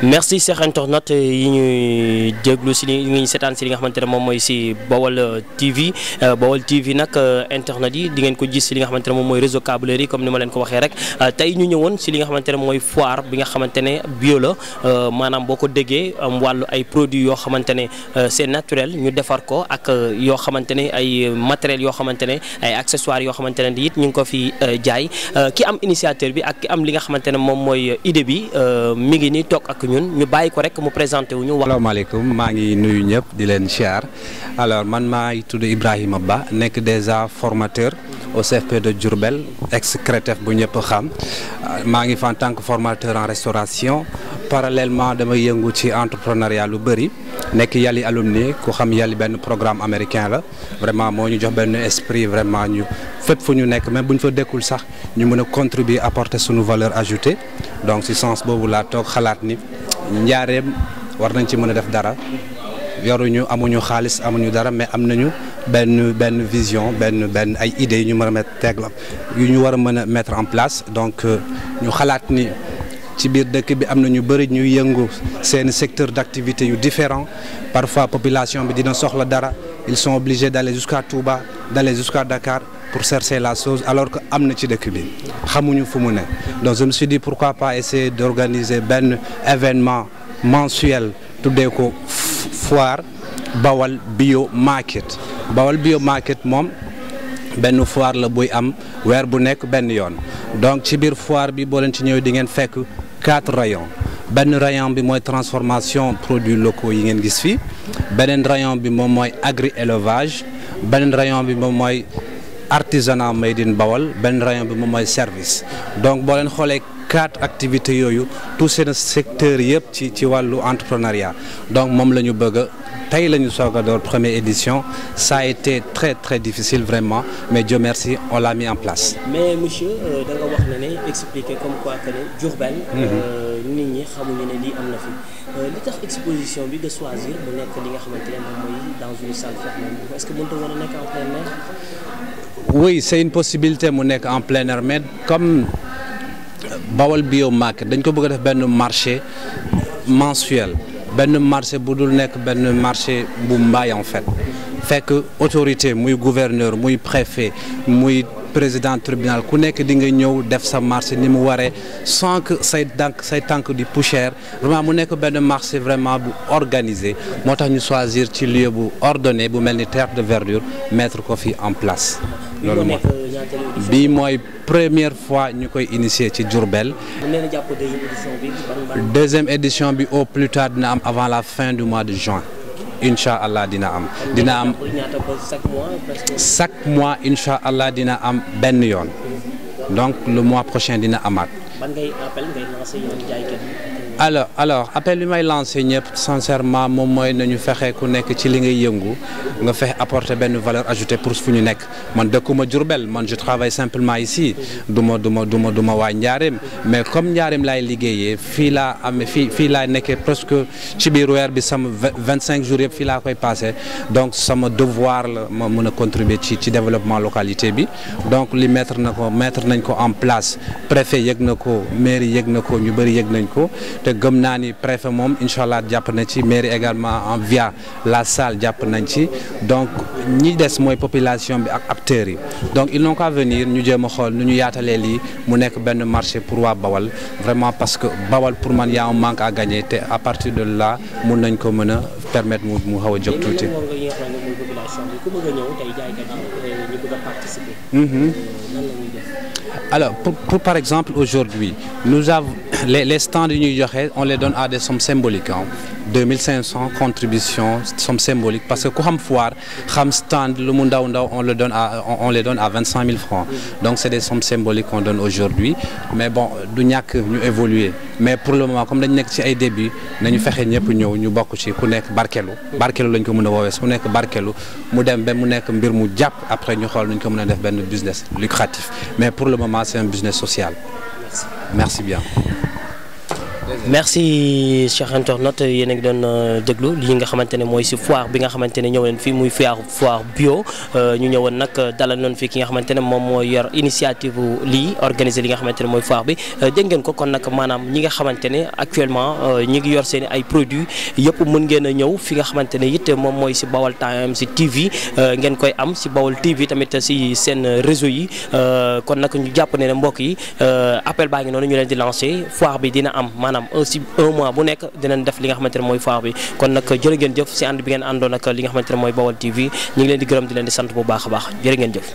merci Cheikh Internet yi ñuy déglu si li ñuy seetaan si li nga xamante ne moom mooy si Bawal TV euh, Bawal TV nag euh, internet yi di ngeen ko gis si li nga xamante ne moom mooy réseau câbleur yi comme ni ma leen ko waxee rek euh, tey ñu ñëwoon si li nga xamante ne mooy foire bi nga xamante ne bio maanaam boo ko déggee am wàllu ay produits yoo xamante ne c'est naturel ñu defar ko ak yoo xamante ne ay matériels yoo xamante ne ay accessoires yoo xamante ne it ñu ngi ko fi jaay ki am initiateur bi ak am li nga xamante ne moom mooy idée bi mi ngi nii ak ñun ñu bàyyi ko rek mu présenté wu ñu wax. maa ngi nuyu ñëpp di leen siyaar alors man maay tudd Ibrahima Ba nekk des déjà formateur. au CFP de Diourbel ex CRETEF bu ñëpp xam maa ngi fa en tant que formateur en restauration parallèlement damay yëngu ci entrepreneuriat lu bëri nekk Yali alumni ku xam yàlli benn programme américain la vraiment moo ñu jox benn esprit vraiment ñu fépp fu ñu nekk même bu ñu fa dëkkul sax ñu mën a contribuer apporter suñu valeur ajoutée donc si sens boobu laa toog xalaat ni njaareem war nañ ci mën a def dara yoruñu amuñu xaalis amuñu dara mais am nañu. benn benn vision benn benn ay idées yu ñu mën a mettre teg la yu ñu war a mën a mettre en place donc euh, ñu xalaat ni ci biir dëkk bi am na ñu bëri ñuy yëngu seen secteur d'activité yu différent parfois population bi dina soxla dara ils sont obligés d'aller jusqu'à Touba d'aller jusqu'à Dakar pour chercher la chose alors que am na ci dëkk bi xamuñu fu mu ne donc je di suis dit pourquoi pas essayer d'organiser benn événement mensuel tuddee ko foire Bawal Bio Market Bawal bio market moom benn foire la buy am weer bu nekk benn yoon donc ci biir foire bi boo leen ci ñëw di ngeen fekk quatre rayons benn rayon bi mooy transformation produits locaux yi ngeen gis fii beneen rayon bi moom mooy agri élevage beneen rayon bi moom mooy artisanat made in Bawal benn rayon bi moom mooy service donc boo xoolee quatre activités yooyu tous seen secteurs yëpp ci ci wàllu entrepreneuriat donc moom lañu ñu a tey la ñu soog a door première édition ça a été très très difficile vraiment mais Dieu merci on l'a mis en place. mais monsieur euh, da wax na ne expliquer comme quoi que ne Diourbel. Mhm. Euh, nit ñi xamuñu ne lii am na fi. Euh, li tax exposition bi nga choisir mu nekk li nga xamante ne mooy dans une salle fermée est que mënut a woon a nekk en plein air. oui comme. Bawal Bio Market dañ ko bëgg def benn marché mensuel benn marché bu dul nekk benn marché bu mbaay en fekk autorité muy gouverneur muy préfet muy président tribunal ku nekk di nga ñëw def sa marché ni mu waree sans say tànk say tànk di poussière vraiment mu nekk benn marché vraiment bu organisé moo tax ñu choisir ci lieu bu ordonné bu mel ni terre de verdure mettre ko fi en place loolu mooy bi mooy première fois ñu koy initier ci Diourbel deuxième édition bi au plus tard dina am avant la fin du mois de juin incha allah dina am dina am chaque mois incha allah dina am benn yoon donc le mois prochain dina amaat ban ngay appel ngay lancé yoon bi may lancé ñëpp sincèrement moom mooy nañu fexe ku nekk ci li ngay yëngu nga fexe apporter benn valeur ajoutée pour fu ñu nekk man dëkkuma Diourbel man je travaille simplement ici du ma du ma du ma du ma waa Njaareem mais comme Njaareem laay liggéeyee fii laa amee fii fii laa nekkee presque ci biir weer bi sama vingt cinq jours yëpp fii laa koy passé donc sama devoir la ma mën a contribuer ci ci développement localité bi donc li mettre na ko mettre nañ ko en place ko mairie yëg na ko ñu bëri yëg nañ ko te gëm naa ni préfet moom incha allah jàpp na ci mairie également en via la salle jàpp nañ ci donc ñi des mooy population bi ak acteurs yi donc ils n'ont qu'à venir ñu jéem a xool nu ñu yaatalee lii mu nekk benn marché pour waa Bawal vraiment parce que Bawal pour man yaa un manque à gagner te à partir de là mun nañ ko mën a permettre mu mu xaw a jóg tuuti formation bi ku bëgg a ñëw tey jaaykat yi eh, ñu bëgg a participer. Mhm. Eh, nan la ñuy def. alors pour pour par exemple aujourd'hui nous avons les les stands yu ñuy joxe on les donne à des sommes symboliques hein. 2500 contributions sont symboliques parce que ku xam foire xam stand lu mu ndaw ndaw on le donne à on les donne à 25 000 francs donc c'est des sommes symboliques qu'on donne aujourd'hui mais bon du ñàkk ñu évoluer mais pour le moment comme dañ nekk ci ay début nañu fexe ñëpp ñëw ñu bokk ci ku nekk barkelu barkelu lañ ko mun a woowee su nekk barkelu mu dem ba mu nekk mbir mu jàpp après ñu xool nañ ko mën a def benn business lucratif mais pour le moment c'est un business merci bien merci chers internautes yéen a ngi doon euh, déglu li ne mooy si foire bi nga xamante ne ñëw leen fii muy foire foire bio euh, ñu ñëwoon nag dalal noonu fii ki nga xamante ne moom moo yor initiative lii organiser li nga xamante ne mooy foire bi euh, dégg ngeen ko kon nag maanaam ñi nga xamante ne actuellement ñi ngi yor seen ay produits yëpp mën ngeen a ñëw fi nga xamante ne moom mooy si Baol Times si TV ngeen koy am si Baol TV tamit si seen réseau yi kon nag ñu jàpp ne mbokk yi appel baa ngi noonu ñu leen di lancé foire bi dina am maanaam aussi un mois bu nekk dinañ def li nga xamante mooy foire bi kon nag jërë ngeen jëf si ànd bi ngeen àndoon ak li nga xamante mooy Baol TV ñu leen di gërëm di leen di sant bu baax baax jërë ngeen jëf